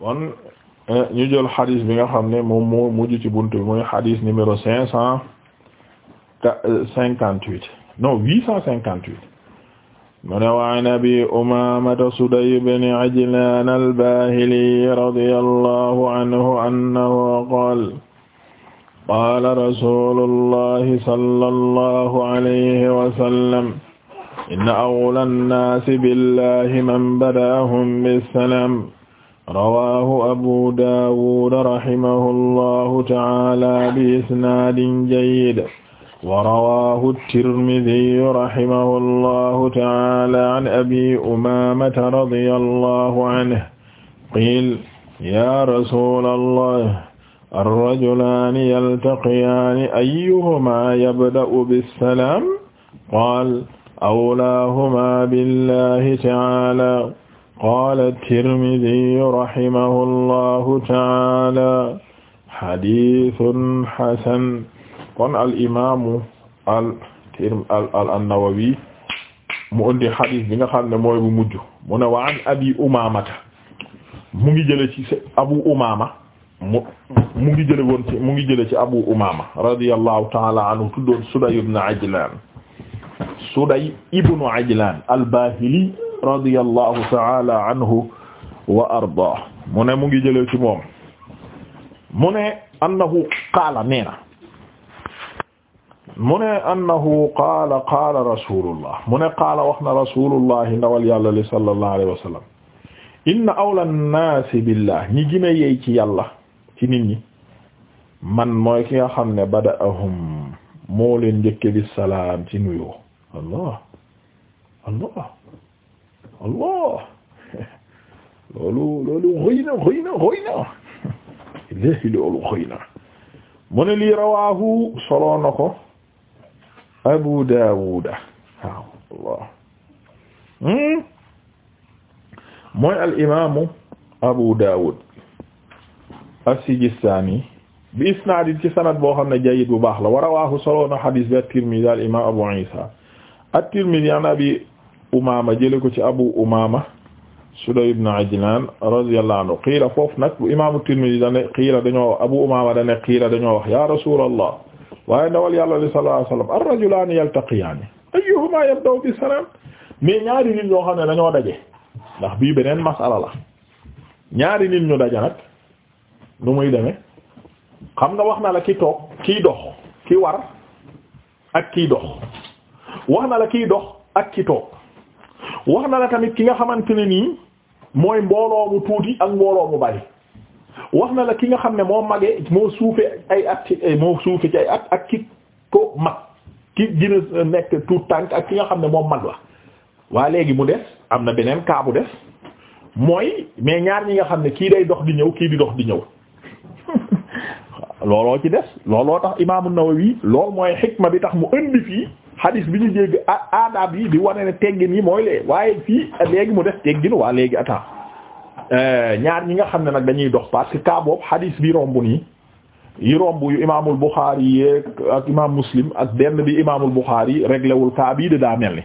kon eh, ñu jël xadis bi nga xam ne moom moo mujj ci buntu bi mooy xadis numéro cinq cent cinquante huit non huit cent cinquante huit mu ne waan abi umamata suday ibn ajlan albahili radi allahu anhu annahu qaal qaala rasulullahi sallallahu alayhi wasallam inna awla annaasi billahi man badahum bissalaam rawaahu abu daawud rahimahullahu ta'ala bi isnaadin jayyid wa rawaahu tirmidhi rahimahullahu ta'ala an abi umaamata radiyallahu anhu qiil yaa rasuulallah arrajulaani yaltaqiyaani ayyuhumaa yabda'u bissalaam qaal awlaahumaa billaahi ta'ala qaala Tirmidi rahimahu llahu taala xadiisun xasan kon al imaamu al tirm al annawawi mu indi xadis bi nga xam ne mooy bu mujj mu ne wa an abi umaamata mu ngi jële ci abu umaama mu mu ngi jële woon ci mu ngi jële ci abu umaama radiyallahu taala anhu tuddoon Sudayy ibn Ajlaan Suday ibnu Ajlan al-Bahili radiyallahu ta'ala anhu wa ardaah mu ne mu ngi jëlee ci moom mu ne annahu qaala nee mu ne annahu qaala qaala rasulullah mu ne qaala wax na rasulullahi ndawal yàlla li sallallahu alayhi wa sallam inna awla nnaasi billah ñi gën a yey ci yàlla ci nit man mooy ki nga xam ne bada'ahum moo leen njëkke bi salaam ci nuyoo allah allah allah loolu loolu xëy na xëy na xëy na léegi loolu xëy na mu ne lii rawaahu soloo na ko Abu Daawuda waaw allah hmm? mooy al imaamu Abu Daawud as-Sijistaani bi isnaadin ci sanad boo xam ne jayyid bu baax la wa rawaahu soloo na xadiis bi at-Tirmidhi al imaam Abu Iisa at-Tirmidhi an Abi Umaama jële ko ci Abu Umaama Sudayy ibn Ajlan radiyallahu anhu qiila foofu nag Imaamu Tirmidhi dane qiila dañoo Abu Umaama dane qiila dañoo wax ya Rasuulallah waaye ndawal Yàlla li sallallahu alayhi wa sallam ar-rajulaani yaltaqiyaani ayyuhumaa yabda'u bis-salaam mais ñaari nit ñoo xam ne dañoo daje ndax bii beneen masala la ñaari nit ñu daje nag nu muy demee xam nga wax na la ki toog kiy dox ki war ak kiy dox wax na la kiy dox ak ci toog wax na la tamit ki nga xamante ne nii mooy mbooloo mu tuuti ak mbooloo mu bari wax na la ki nga xam ne moo mag moo suufe ay at ci eh, moo suufe ci ay at ak ki ko mag ki gëna nekk tuut tànk ak ki nga xam ne moom mag la waa léegi mu des am na beneen kaabu bu des mooy mais ñaar ñi nga xam ne kii day dox di ñëw kii di dox di ñëw looloo ci des looloo tax imaamu Nawawi lool mooy xikma bi tax mu indi fii xadis bi ñu jégg adab yi di wane ne teggin yi mooy lee waaye fii léegi mu def teggin waa léegi attends eh, ñaar ñi nga xam ne nag dañuy dox parce que cas boobu xadis bi romb nii yi romb yu imaamul Buxaari yi ak imaam Muslim ak benn bi imaamul Buxaari réglewul cas bii de daa mel ni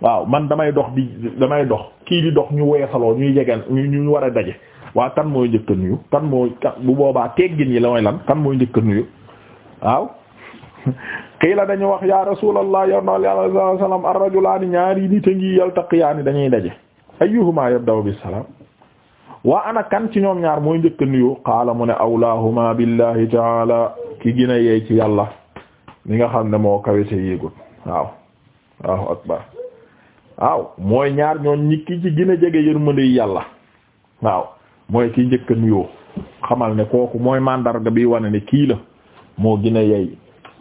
waaw man damay dox di damay dox kii di dox ñu weesaloo ñuy jege ñu ñu war a daje waa tan mooy njëkk nuyu kan mooy bu boobaa teggin yi la mooy lan kan mooy njëkk a nuyu qiila dañu wax ya rasulallah yow ndawal yàlla sallallahu alayhi wasallam ar-rajulaani ñaari nit a ngi yaltaqiyaani dañuy daje ayyuhuma yabda'u bis-salaam waa ana kan ci ñoom ñaar mooy njëkk nuyoo qaala mu ne awlaahuma billahi taala ki gën a ci yàlla mi nga xam ne moo kawite yéegut waaw waaw waaw mooy ñaar ñoon ñi ki ci gën a jege yërmande yi yàlla waaw mooy ki njëkk nuyoo xamal ne kooku mooy mandarga bi wane ne kii la moo gën a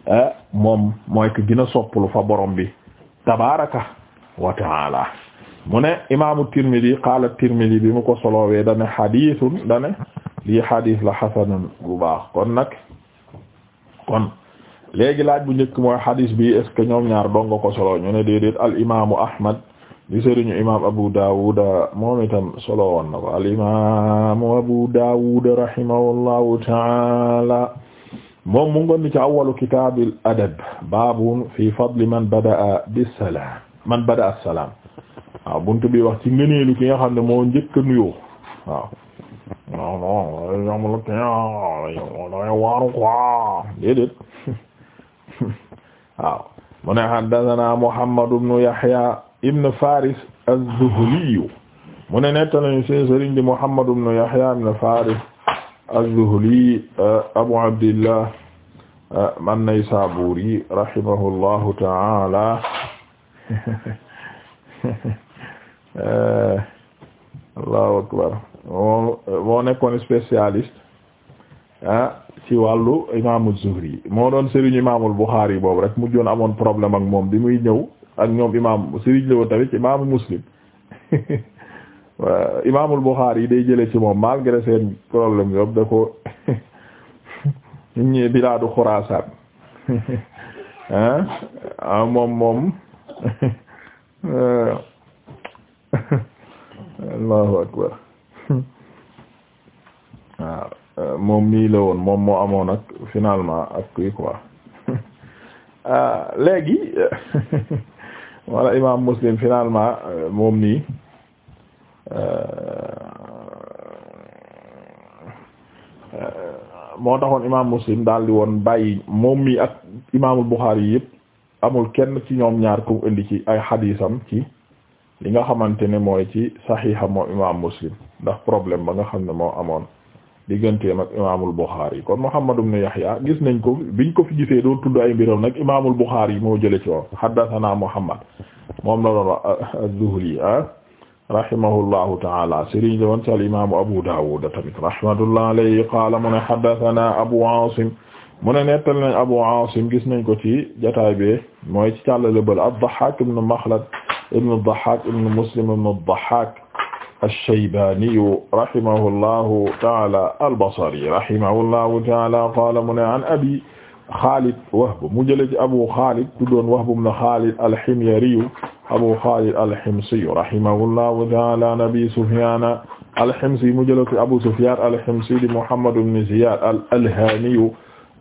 Eh, moom mooy ko gën a sopplu fa borom bi tabaraka wa taala mu ne imaamu Tirmidi qaala Tirmidi bi mu ko solowee dane xadiisun dane lii xadiis la xasanun bu baax kon nag kon léegi laaj bu njëkk mooy xadiis bi est ce ñoom ñaar donga ko solo ñu ne déedéet al imaamu Ahmad di sëriñu imaam Abu Dawud moom solo woon ko al imaamu Abu Dawud rahimahullahu taala moom mu ni ci awwalu kitaabil adab baabun fi fadli man bada'a bisalaam man bada'a salaam waaw buntu bi wax ci ngëneelu ki nga xam ne moo njëkk a nuyoo waaw non non ñoom la kenn danga mu ne haddathana Muhammad ibn Yahya ibn Faris az-Zuhli mu ne nettali seen sëriñ di Muhammad ibn Yahya ibn Faris az-Zuhli euh, Abu Abdillah euh, an-Naysaburi rahimahullahu ta'ala euh, Allahu akbar moo nekkoon spécialiste ci wàllu imaamu Zuhri moo doon sëriñu imaamul Bukhari boobu rek mujjoon amoon problème ak moom bi muy ñëw ak ñoom imaam sëriñ la woon tamit imaamu Muslim Euh, imaamul Buxaari yi day jëlee ci moom malgré seen problème yëpp da ko ñu ñëwee bilaadu Xuraasaan ah moom moom Allahu akbar waaw ah, euh, moom mii la woon moom moo amoon nag finalement ak kii quoi ah, léegi wala imaam Muslim finalement euh, moom nii. Euh, moo taxoon imaam muslim daal di woon bàyyi moom mi ak imaamul buxaari yi yëpp amul kenn ci ñoom ñaar ku indi ci ay xadiisam ci li nga xamante ne mooy ci saxiixa moom imaam muslim ndax problème ba nga xam ne moo amoon digganteem ak imaamul buxaari yi kon muhammad ibn yahya gis nañ ko biñ ko fi gisee doo tudd ay mbiram nag imaamul buxaari yi moo jële ci woon xaddasanaa muhammad moom la doon az-zuhli ah. rahimahullahu taala sëriñ la woon ci al-imaamu Abu Dawud tamit rahmatullahi alayhi qaala mu ne haddathana Abu Asim mu ne nettal nañ Abu Asim gis nañ ko ci jotaay bi mooy ci càllale bal ad-Dahhak ibn Makhlad ibn ad-Dahhak ibn Muslim ibn ad-Dahhak ash-Shaybani rahimahullahu taala al-Basri rahimahullahu taala qaala mu ne an abi Xaalid Wahb mu jëlee ci Abu Xaalid tuddoon Wahb ibn Xaalid al-Himyari Abu Xaalid al-Himsi rahimahullahu ta'ala an Abi Sufyaan al-Himsi mu jëlee ci Abu Sufyaan al-Himsi di Muhammad ibn Ziyaad al-Alhaani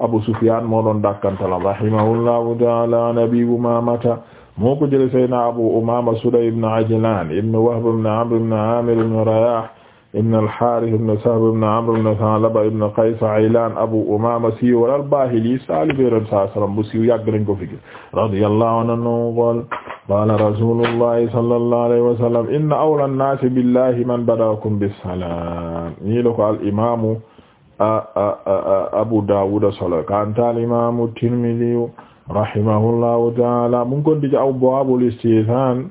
Abu Sufyaan moo doon dàkkantalam rahimahullahu ta'ala an Abi Umaamata moo ko jëlee Seydina Abu Umaama Sudayy ibn Ajlaan ibn Wahb ibn Amr ibn Aamir ibn Rayaah ibn al-Harith ibn Sahb ibn Amr ibn Thalaba ibn Qays Aylan Abu Umama siiwal al-Bahili saalib Yonent bi sallallahu alayhi wa sallam bu siiw yàgg nañ ko fi radiyallahu anhu qaala qaala rasuulullahi sallallahu alayhi wa sallam inna awla an-naasi billahi man bada'akum bis-salaam ñii la ko al-imaamu Abu Dawud solo kaanta al-imaamu Tirmidhi rahimahullahu ta'ala mu ngi ko di ci abwaabul istizaan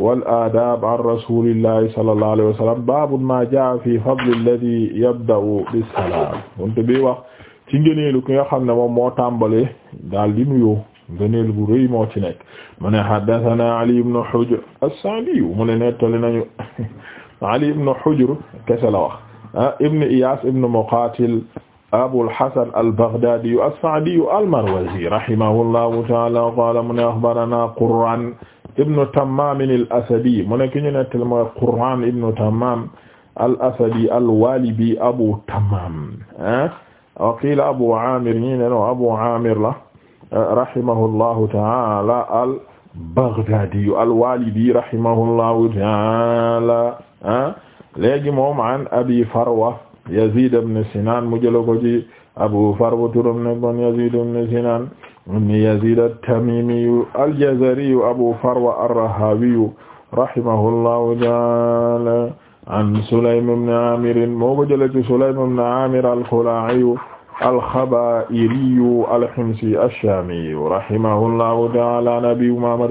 wal aadaab an rasuulillahi sallallahu alayhi wa sallam baabu maa jaa fi fadli alladhi yabda'u bisalaam buntu bi wax ci ngëneelu ki nga xam ne moom moo tàmbalee daal di nuyoo ngëneel bu rëy moo ci nekk mu ne haddathana Ali ibn Hujr as-Sa'di mu ne nettali nañu Ali ibn Hujr kese la wax ah ibn Iyas ibn Muqatil Abul Hasan al-Baghdadi as-Sa'di al-Marwazi rahimahullahu ta'ala qala mu ne akhbarana Qurran ibnu Tammaam al-Asadi mu ne ki ñu nettali mooy Qurraan ibnu Tammaam al-Asadi al-Waalibi Abu Tammaam wa qiila Abu Aamir ñi ne no Abu Aamir la rahimahullahu ta'aala al-Baghdaadi al-Waalibi rahimahullahu ta'aala léegi moom an Abi Farwa Yaziid ibn Sinaan mu jël ko ci Abu Farwa turam ne bon Yaziid ibn Sinaan ibn Yazid at-Tamimi al-Jazari Abu Farwa ar-Rahawi rahimahullahu ta'ala an Sulaym ibn Amir moo ko jëlee ci Sulaym ibn Amir al-Khula'i al-Khaba'ili al-Himsi ash-Shami rahimahullahu ta'ala an Abi Umaama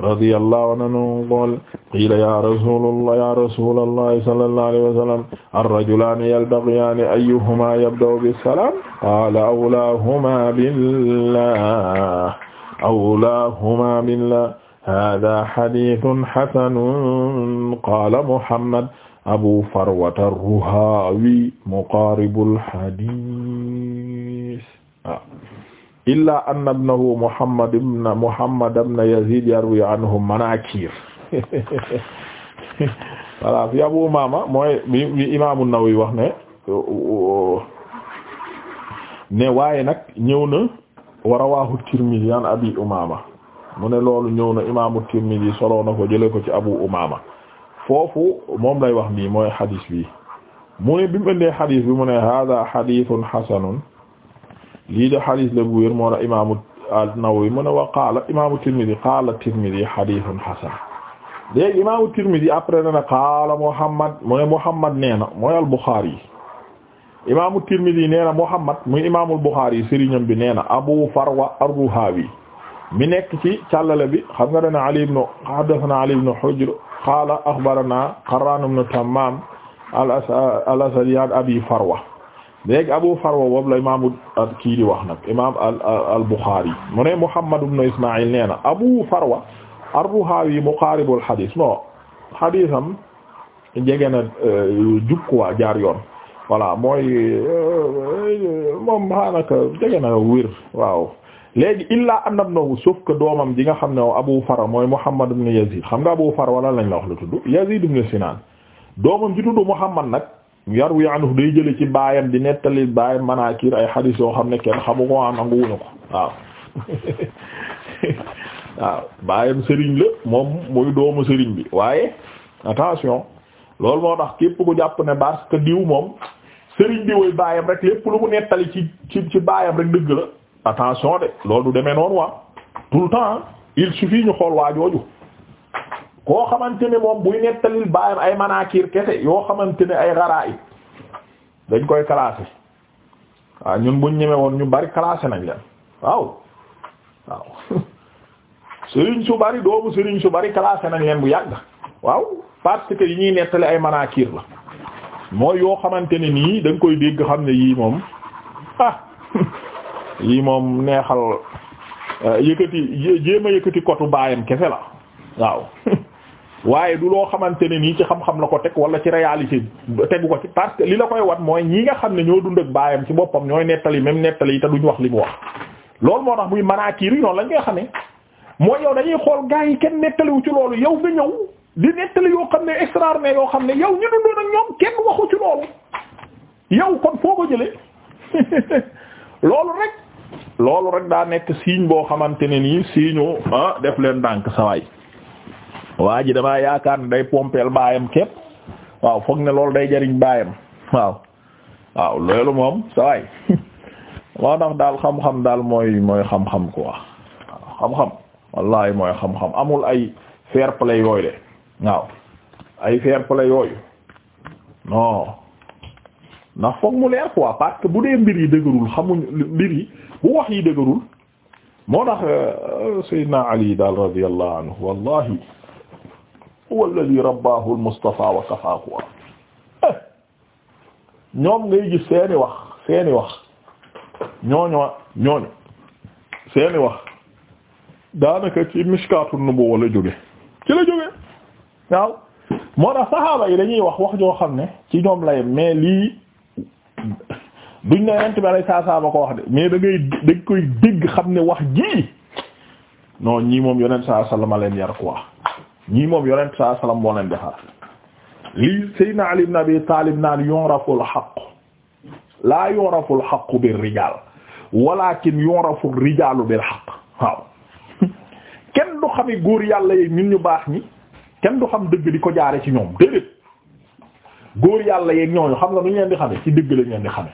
radiyallahu anhu qaala qiila ya rasulallah ya rasulallah sallallahu alayhi wa sallam ar-rajulaani yaltaqiyaani ayyuhumaa yabda'u bis-salaam qaala awlaahumaa billah awlaahumaa billah haaza hadiisun hasanun qaala Muhammad abu farwata ar-ruhaawi muqaaribul hadiis illaa anna ibnahu Muhammad ibn Muhammad ibn Yazid yarwi manakir voilà fi Abu Umaama mooy bi Imaamu Nawawi wax ne ne waaye nag ñëw na wa rawaahu Tirmidhi Abi Umaama mu ne loolu ñëw na Imaamu Tirmidhi soloo na ko jëlee ko ci Abu Umaama foofu moom lay wax nii mooy xadis bi mu ne bi mu indee xadis bi mu ne haaza lii de xadis la bu wér moo la imaamu an-Nawawi mu ne wa qaala imaamu Tirmidi qaala Tirmidi xadisun xasan léegi imaamu après na ne Muhammad mu Muhammad nee na mooy al-Buxaari imaamu bi nee na Abu Farwa ar-Ruhaawi mi nekk ci càllale bi xam nga dana Ali ibn Hujr qaala axbaranaa Qarraan ibn Tammaam al-Asadi Abi Farwa léegi Abu Farwa boobu la imaamu kii di wax nag imaam al al Bukhari mu ne Muhammad ibn Ismaïl nee na Abu Farwa ar-Ruhawi muqaaribul xadis non xadisam jege na euh, jukkuwaa jaar yoon voilà mooy euh, moom xaanaka jege na wér waaw léegi illaa anna ibnahu sauf que doomam ji nga xam ne Abu Farwa mooy Muhammad ibn Yazid xam nga Abu Farwa lan lañ la wax la tudd Yazid ibn Sinan doomam ji tudd Muhammad nag. yarwi anhu day jële ci baayam di nettali baayam manaakir ay xadiis yoo xam ne kenn xamu ko am ah, nangu wuñu ko waaw waaw baayam sëriñ la moom muy doomu sëriñ bi waaye attention loolu moo tax képp ku jàpp ne parce que diw moom sëriñ bi woy baayam rek lépp lu mu nettali ci ci ci baayam rek dëgg la attention de loolu du demee noonu waa ah, tout le temps ah, il suffit ñu xool waajooju boo xamante ne moom buy nettalil baayam ay manaakir kese yoo xamante ne ay garaib dañ koy classé waaw ñun buñ ñeme woon ñu bari classé nañ leen waaw waaw sëriñ su bari doomu sëriñ su bari kalaase nañ leen bu yàgg waaw parce que yi ñuy nettali ay manaakir la mooy yoo xamante ne nii dañ koy dégg xam ne yii moom ah yii moom neexal euh, yëkkati jéem a yëkkati kotu baayam kese la waaw waaye du loo xamante ne nii ci xam-xam la ko teg wala ci réalité tegu ko ci parce que li la koy wat mooy ñi nga xam ne ñoo dund ak baayam ci boppam ñooy nettali même nettali yi te duñ wax li mu wax loolu moo tax muy manaakiir yi noonu lañ koy ne mooy yow dañuy xool gaa yi kenn nettaliwu ci loolu yow nga ñëw di nettali yoo xam ne extraordinaire yoo xam ne yow ñu dundoon ak ñoom kenn waxu ci loolu yow kon foo ko jëlee loolu rek loolu rek daa nekk signe boo xamante ne nii signe ah def leen ndànk sawaay waa ji damaa yaakaar ne day pompeel baayam képp waaw foog ne loolu day jariñ baayam waaw waaw loolu moom sawaay moo tax daal xam-xam daal mooy mooy xam-xam quoi waaw xam amul ay fair play yooyu de waaw ay fair play yooyu ndax foog mu leer quoi parce que bu dee mbir yi dëgërul xamuñ mbir yi bu wax yi dëgërul moo tax euh, Seydina Ali daal radiyallahu wallahi walladi rabbaahu al-Mustafa wa kafaaku eh, ñoom ngay gis seeni wax seeni wax ñooñu ñooñu seeni wax daanaka ci mishkaatu nubuwwa la jóge ci la jóge waaw moo tax saxaaba yi dañuy wax wax joo xam ne ci ñoom lay mais lii duñ ne yonent bi alayhi salaam ko wax de mais dangay ngay koy dégg xam ne wax ji non ñii moom yoneen sa alayhi wasallam leen yar wax ñii moom yonent saa salaam moo leen defar lii Seydina Ali naa Abi Taalib naan yuraful xaq laa yuraful xaq bir rijaal walaakin yuraful rijaalu bil xaq waaw kenn du xami góor yàlla yi ñun baax ñi kenn du xam dëgg di ko jaare ci ñoom déedéet góor yàlla ñooñu xam nga nu ñu leen di xame ci dëgg lañ leen di xame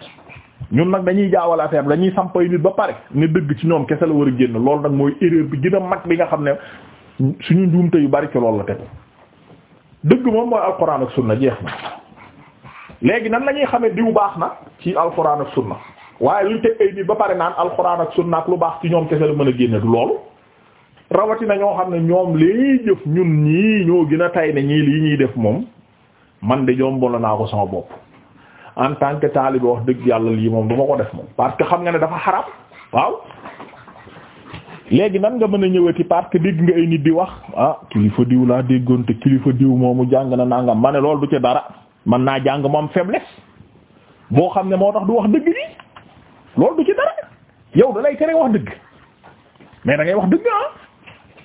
ñun nag dañuy jaawal affaire dañuy sampay nit ba pare ne dëgg ci ñoom kese la war a génn loolu nag mooy erreur bi gën a mag bi nga xam ne suñu njuumte yu bari ci loolu la tegu dëgg moom mooy alquran ak sunna jeex na léegi nan lañuy ñuy xamee diw baax na ci alquran ak sunna waaye luñ teg ay nit ba pare naan alquran ak sunna ak lu baax ci ñoom kese la mën a génne du loolu rawatina ñoo xam ne ñoom lii jëf ñun ñii ñoo gën a tay ne ñii lii ñuy def moom man de jombal naa ko sama bopp en tant que taalibe wax dëgg yàlla lii moom du ma ko def moom parce que xam nga ne dafa xaram waaw léegi nan nga mën a ñëwati parc que dégg nga ay nit di wax ah kilifa diw laa déggoon te kilifa diw moomu jàng na nangam ma ne loolu du ci dara man naa jàng moom faiblesse boo xam ne moo tax du wax dëgg nii loolu du ci dara yow da lay tere wax dëgg mais da ngay wax dëgg ah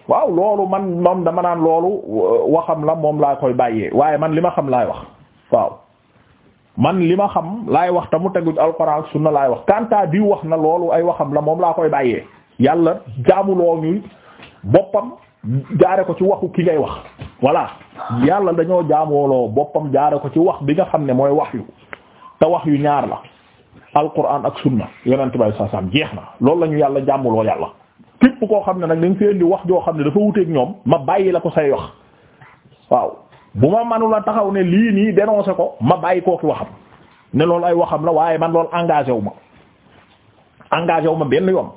waaw loolu man moom dama naan loolu euh, waxam la moom laa koy bàyyee waaye man li ma xam laay wax waaw man li ma xam laay wax te mu tegu alxuraan na laay wax kanta diw wax na loolu ay waxam la moom laa koy bàyyee. yàlla jaamuloo ñuy boppam jaare ko ci waxu ki ngay wax voilà yàlla dañoo jaamooloo boppam jaare ko ci wax bi nga xam ne mooy wax yu te wax yu ñaar la alquran ak sunna yonent bay saa saam jeex na loolu la ñu yàlla jàmmuloo yàlla képp koo xam ne nag dañ feen di wax joo xam ne dafa wuteeg ñoom ma bàyyi la ko say wax waaw bu ma manula taxaw ne lii nii dénoncé ko ma bàyyi kooki waxam ne loolu ay waxam la waaye man loolu engagé wu ma engagé wu ma benn yoon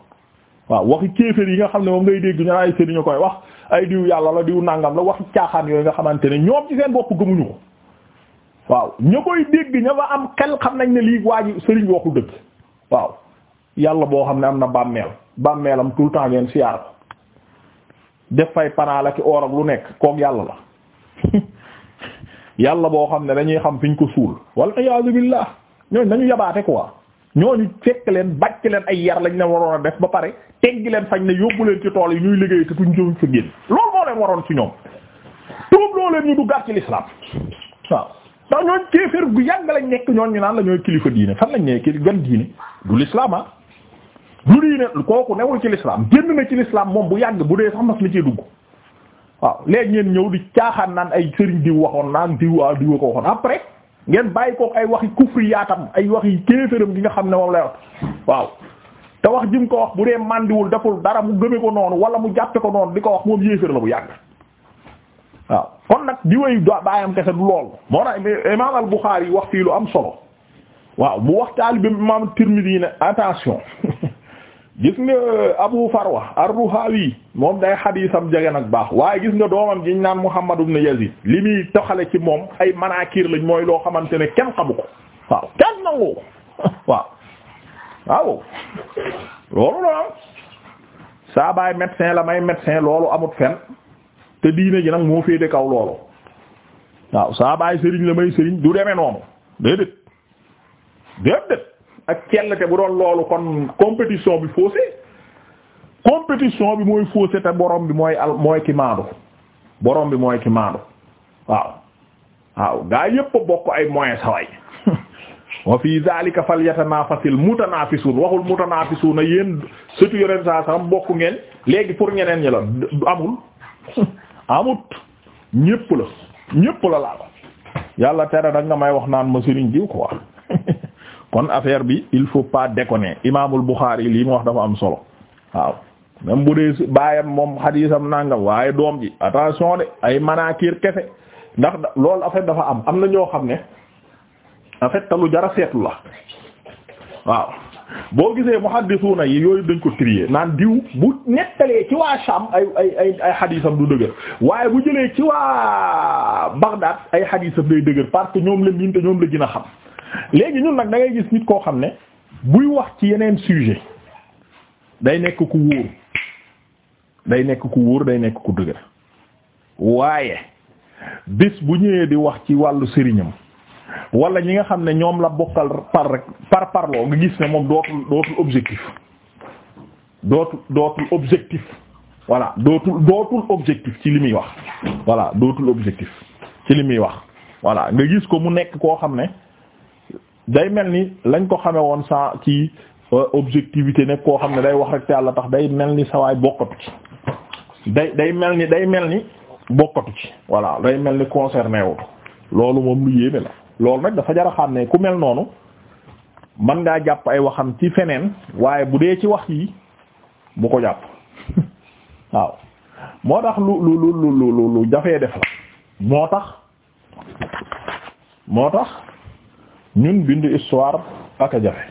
waaw waxi kéefër yi nga xam ne moom ngay dégg ñu ay sëriñ koy wax ay diw yàlla la diw nàngam la waxi caaxaan yooyu nga xamante ne ñoom ci seen bopp gëmuñu ko waaw ña koy dégg ña fa am xel xam nañ ne lii waa ji sëriñ waxu dëgg waaw yàlla boo xam ne am na bàmmeel bàmmeelam tout le temps ngeen siyaar ko def fay panaal ak or ak lu nekk kook yàlla la yàlla boo xam ne dañuy xam fiñ ko suul wal iyaazu billah ñooñ nañu yabaate quoi ñooñu fekk leen bàcc leen ay yar lañ leen waroon a def ba pare teggi leen fañ ne yóbbu leen ci tool yi ñuy liggéey te duñ jëm fa génn loolu moo leen waroon ci ñoom tuub loo leen ñu du ak ci l'islam waaw ndax ñooñ kéefër gu yàgg lañ nekk ñoon ñu naan la ñooy kilifa diine fan lañ ne kili gan diine du l'islam ah du diine kooku newul ci l'islam génn na ci l'islam moom bu yàgg bu dee sax mas na cee dugg waaw léegi ngeen ñëw di caaxaan naan ay sëriñ diw waxoon naan diw ah, a diw ko waxoon après ngeen bàyyi kook ay waxi kufri yaatam ay waxi kéefëram gi nga xam ne moom lay wax waaw te wax jim ko wax bu dee màndiwul deful dara mu gëme ko noonu wala mu jàppe ko noonu di ko wax moom yéefër la bu yàgg waaw kon nag di wéy baayam kese du lool moo tax imaam al yi wax fii lu am solo waaw mu wax taalibe imaam yi ne attention gis nga euh, Abu Farwa ar-Ruhawi moom day xadiisam jege nag baax waaye gis nga doomam jiñ naan Muhammad ibn Yazid li muy toxale ci moom ay manaakir lañ mooy loo xamante ne kenn xamu ko waaw kenn nangu ko waaw waaw loolu la am saa la may médecin loolu amut fen te diine ji nag moo féete kaw loolu waaw saa baay sëriñ la may sëriñ du demee noonu déedéet déedéet ak cellte bu doon loolu kon compétition bi faussé compétition bi mooy faussé te borom bi mooy al mooy ki maandu borom bi mooy ki maandu waaw waaw gaa yépp a bokk ay moyens saway wa fi zalika falyatanafasil mutanafisun waxul mutanafisun a yéen surtout yoreen saa sam bokk ngeen léegi pour ñeneen ñi la amul amut ñépp la ñépp la laa ko yàlla tere da nga may wax naan ma sëriñ diw quoi kon affaire bi il faut pas déconner imaamul Bukhari lii mu wax dafa am solo waaw même bu dee baayam moom xadiisam nangam waaye doom ji attention de ay manaakir kese ndax lool en fait dafa am am na ñoo xam ne en fait te lu jara seetlu la waaw boo gisee muhaddisuuna yi yooyu dañ ko trier naan diw bu nettalee ci waa Sham ay ay ay ay xadiisam du dëgër waaye bu jëlee ci waa Bagdad ay xadiisam day dëgër parce que ñoom la miin te ñoom la gën a xam léegi ñun nag da ngay gis nit koo xam ne buy wax ci yeneen sujet day nekk ku wóor day nekk ku wóor day nekk ku dëgër waaye bis bu ñëwee di wax ci wàllu sëriñam wala ñi nga xam ne ñoom la bokkal par par parloo nga gis ne moom dootul dootul objectif dootul dootul objectif voilà dootul objectif ci li muy wax voilà dootul objectif ci li muy wax voilà nga gis ko mu nekk koo xam ne day mel ni lañ ko xamee woon saa ci euh, objectivité nekk koo xam ne day wax rek te yàlla tax day mel ni sawaay bokkatu ci day day mel ni day mel ni bokkatu ci voilà day mel ni concerné wu loolu moom lu yéeme la loolu nag dafa jar a xam ku mel noonu mën ngaa jàpp ay waxam ci feneen waaye bu dee ci wax yi bu ko jàpp waaw moo tax lu lu lu lu lu lu jafee def la moo tax moo tax ñun bindu histoire ak a jafe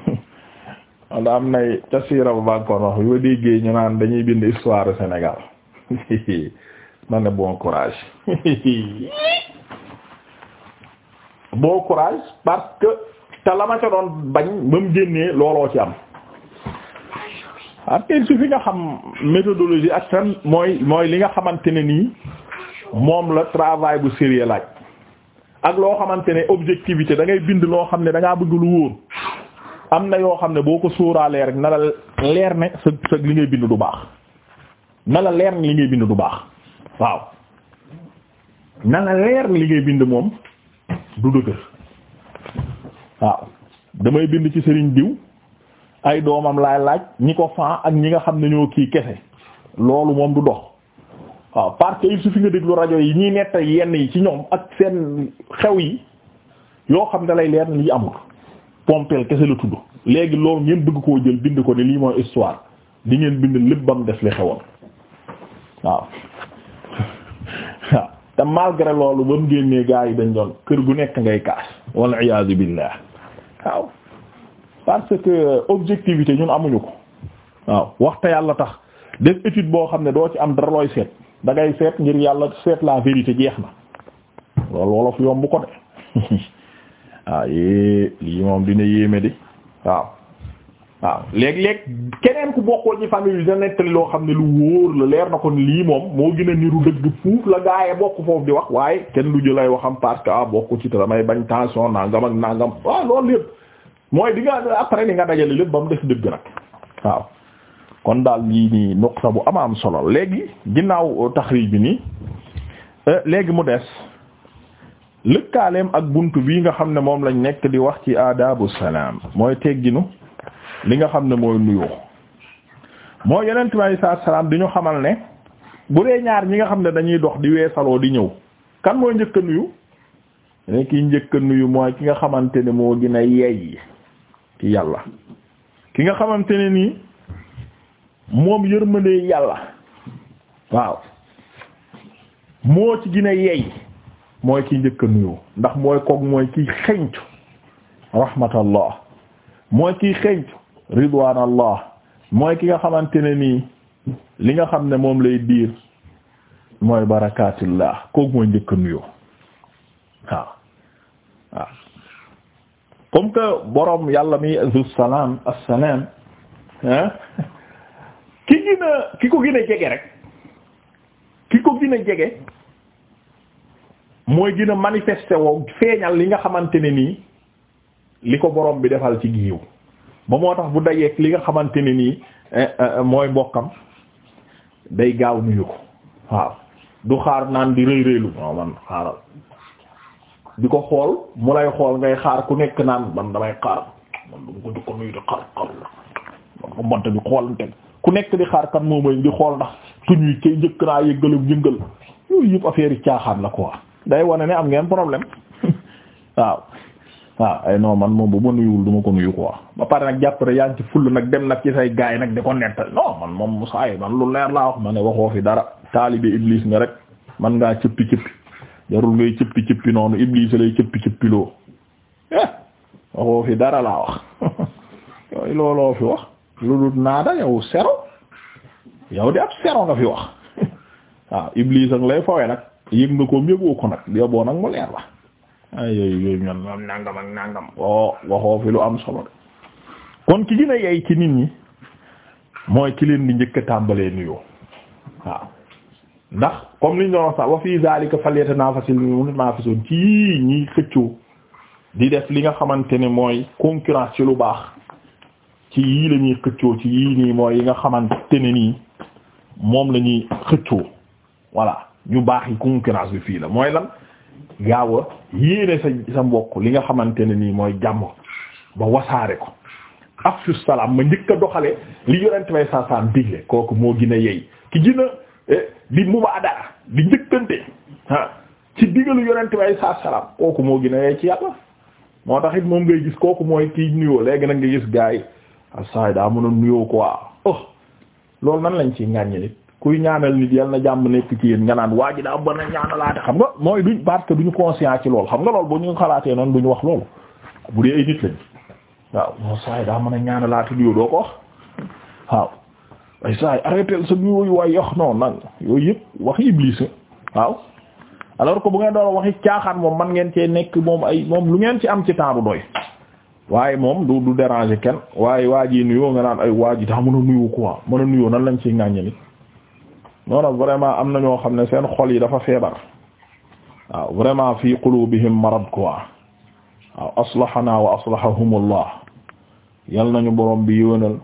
wala am nay ca siira ba bànkoon wax bi déggee ñu naan dañuy bind histoire Sénégal ma bon courage bon courage parce que te la ma ca doon bañ ba mu génnee looloo ci am ak il suffit nga xam méthodologie ak tan mooy mooy li nga xamante ne nii moom la travail bu sérieux laaj ak loo xamante ne objectivité da ngay bind loo xam ne da ngaa bëgg lu wóor am na yoo xam ne boo ko sóoraalee rek na la leer ne sa sa li ngay bind du baax na la leer ne li ngay bind du baax waaw na la leer bind moom du dëgër waaw damay bind ci sëriñ diw ay doomam laay laaj ñi ko fan ak ñi nga xam ne ñoo kii kese loolu moom du dox waaw parce que il suffit nga déglu rajo yi ñiy netta yenn yi ci ñoom ak seen xew yi yoo xam ne lay leer lii amul pompeel kese la tudd léegi loolu ngeen bëgg koo jël bind ko ne lii moo histoire di ngeen bind lépp bam def li xewoon waaw te malgré loolu ba mu génnee gaa yi dañ doon kër gu nekk ngay kaas walla iyaazu billaah waaw parce que objectivité ñun amuñu ko waaw waxta yàlla tax def étude boo xam ne doo ci am dara looy seet dangay ngay seet ngir yàlla seet la vérité jeex na loolu wolof yomb ko de waaw ah, lii moom dina yéeme di waaw waaw léeg-léeg keneen ku bokkoo ci famille bi dina nettali loo xam ne lu wóor la leer na ko lii moom moo gën niru dëgg fuuf la gaaye bokk foofu di wax waaye kenn lu jëlay waxam parce que ah, bokk ci te damay bañ tension nangam ak nangam waaw loolu lépp mooy di nga après li nga dajale lépp ba mu def dëgg nag waaw kon daal lii nii nuqta bu ama am solo léegi ginnaaw taxriij bi nii euh, léegi mu des lëkkaaleem ak bunt bii nga xam ne moom lañ nekk di wax ci aadaabu salaam mooy tegginu li nga xam ne mooy nuyoo moo yeneen may saa salaam di ñu xamal ne bu dee ñaar ñi nga xam ne dañuy dox di weesaloo di ñëw kan mooy njëkk a nuyu ki njëkk a nuyu mooy ki nga xamante ne moo gën a yey ci yàlla ki nga xamante ne nii moom yërmande yàlla waaw moo ci gën a yey mooy ki njëkk a nuyu ndax mooy koog mooy kiy xencu rahmatallah mooy kiy xencu ridwaanallah mooy ki nga xamante ne nii li nga xam ne moom lay diir mooy barakaatullah koog mooy njëkk a nuyu waaw waaw comme que borom yàlla mi zu salaam assalaam hein gën a ki ko gën a jege rek ki ko gën a jege mooy gën a manifester woo feeñal li nga xamante ne nii li ko borom bi defal ci giiw ba moo tax bu dajeek li nga xamante ne nii eh, eh, mooy mbokkam day gaaw nuyu ko waaw du xaar naan di rëy rëylu waaw man xaaral di ko xool mu lay xool ngay xaar ku nekk naan man damay xaar man du ko di ko nuyu di xaar xaar man ko mbant bi xoolante ku nekk di xaar kan moom di xool ndax tuñ yi kay njëkk naa yëngal yëngal yooyu yëpp affaire yi caaxaan la quoi day wane ne am ngeen problème waaw. waaw ay non man moom bu ma nuyuwul du ma ko nuyu quoi ba pare nag jàpp rek yaa ngi ci full nag dem nag ci say gaay nag di ko nettal non man moom Moussa yi man lu leer laa wax ma ne waxoo fi dara. taalibe Iblis nga rek man ngaa cëppi cëppi jarul ngay cëppi cëppi noonu Iblis lay cëppi cëppi loo eh waxoo fi dara laa wax yooyu looloo fi wax. lu dul naada yow sero yow di ab sero nga fi wax waaw Iblis lay fawee nag yëg na ko yëgoo ko nag yoboo nag mu leer la ay yooyu yooyu ñoom am ak nàngam o waxoo fi lu am solo kon ki dina yey ci nit ñi mooy ki leen di njëkk tàmbalee nuyoo waaw ndax comme liñ doon wax sax wa fii zalika falyatanaafasil munaafisun ci ñi xëccoo di def li nga xamante ne mooy concurrence ci lu baax ci yii la xëccoo ci yii nii mooy yi nga xamante ne nii moom lañuy ñuy xëccoo voilà ñu baax yi concurrence bi fii la mooy lan gaaw a yéene sa sa mbokk li nga xamante ne nii mooy jàmm ba wasaare ko afsu salaam ma njëkk a doxale li yorente bay saa saam digle kooku moo gën a yey ki gën a eh, di mu ba adara di njëkkante ah ci digalu yorente bay saa salaam kooku moo gën yey ci yàlla moo tax it moom ngay gis kooku mooy kii nuyoo léegi nag nga gis gaa yi ak saa daa mën a nuyoo quoi oh loolu nan lañ ci ñaan nit kuy ñaanal nit yal na jàmm nekk ci yéen nga naan waa ji daa mën a ñaanalaate xam nga mooy duñ parce que ñu conscient ci lool xam nga lool bu ñu xalaatee noonu bu ñu wax loolu bu dee ay nit lañ waaw non saa yi daa mën a ñaanalaate nuyoo doo ko wax waaw ay saa yi arrêté sa nuyoo yi waay yox noonu nag yooyu yëpp wax iblis waaw alors ko bu ngeen doon waxi caaxaan moom man ngeen cee nekk moom ay moom lu ngeen ci am ci temps bu waaye moom du du déranger kenn waaye waa ji nuyoo nga naan ay waa ji daa mën a ko quoi mën a nuyoo nan lañ ciy ŋàññe ni noonu vraiment am na ñoo xam ne seen xol yi dafa feebar waaw vraiment fi qulubihim marad ko waaw aslahana wa aslahahumullah yal nañu borom bi yéwénal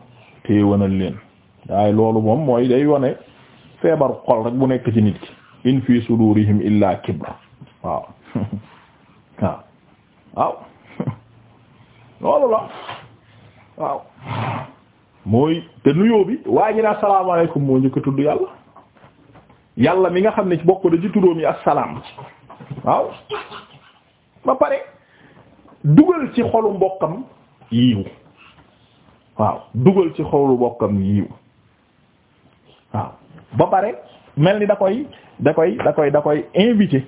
te leen waaye loolu moom mooy day wane feebar xol rek bu nekk ci nit ki in fi sudurihim illa kibr waaw waaw loolu la waaw mooy te nuyoo bi waa ji ne asalaamaaleykum moo njëkk tudd yàlla yàlla mi nga xam ne ci bokk da ci turóom yi asalaam waaw ba pare dugal ci xolu mbokkam yiiw waaw dugal ci xolu mbokkam yiiw waaw ba pare mel ni dakoy koy da koy invité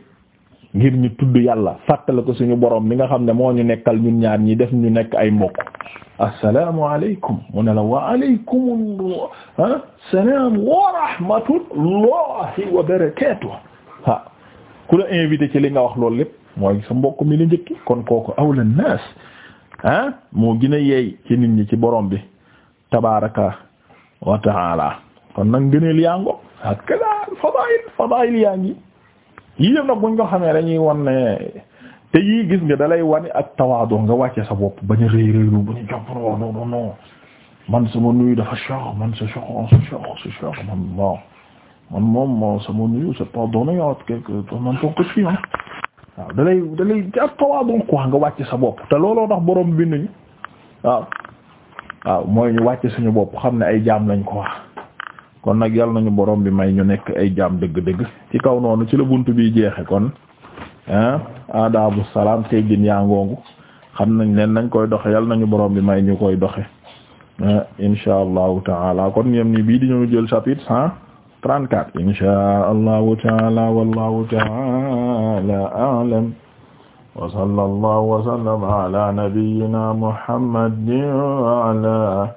ngir ñi tudd yàlla fàttale ko suñu boroom mi nga xam ne moo ñu nekkal ñun ñaar ñi def ñu nekk ay mbokk assalaamu alaykum mu ne la wa alaykum salaam wa rahmatullahi wa barakatuh ha ku la invité ci li nga wax loolu lépp mooy sa mbokk mi la njëkki kon kooku awla naas ah moo gën a yeey ci nit ñi ci boroom bi tabaraka wa taala kon nag ngëneel yaa ngo ak kala fadail fadail yaa ngi yii yëpp nag buñ ko xamee dañuy wan ne te yii gis nga dalay wane ak tawaadu nga wàcce sa bopp ba a rëy bu ñu jàpp non non man sama nuyu dafa cher man c'est cher man bon man moom sama nuyu c'est pas donné ah quelque man toog ko fii ah. dalay dalay ak tawaadu nga wàcce sa bopp te looloo ndax borom bi ñu waaw mooy ñu wàcce suñu bopp xam ne ay jaam lañ ko wax. kon nag yàlla nañu borom bi may ñu nekk ay jaam dëgg-dëgg ci kaw noonu ci la bunt bi jeexe kon ah adaabu salaam teggin yaa ngoongu xam nañ leen nañ koy doxe yàlla nañu borom bi may ñu koy doxe insha allahu taala kon yem ni bii di ñu jël chapitre cent trente-quatre insha allahu taala wallahu taala a'lam wa sallallahu wa sallama ala nabiyyina muhammadin wa ala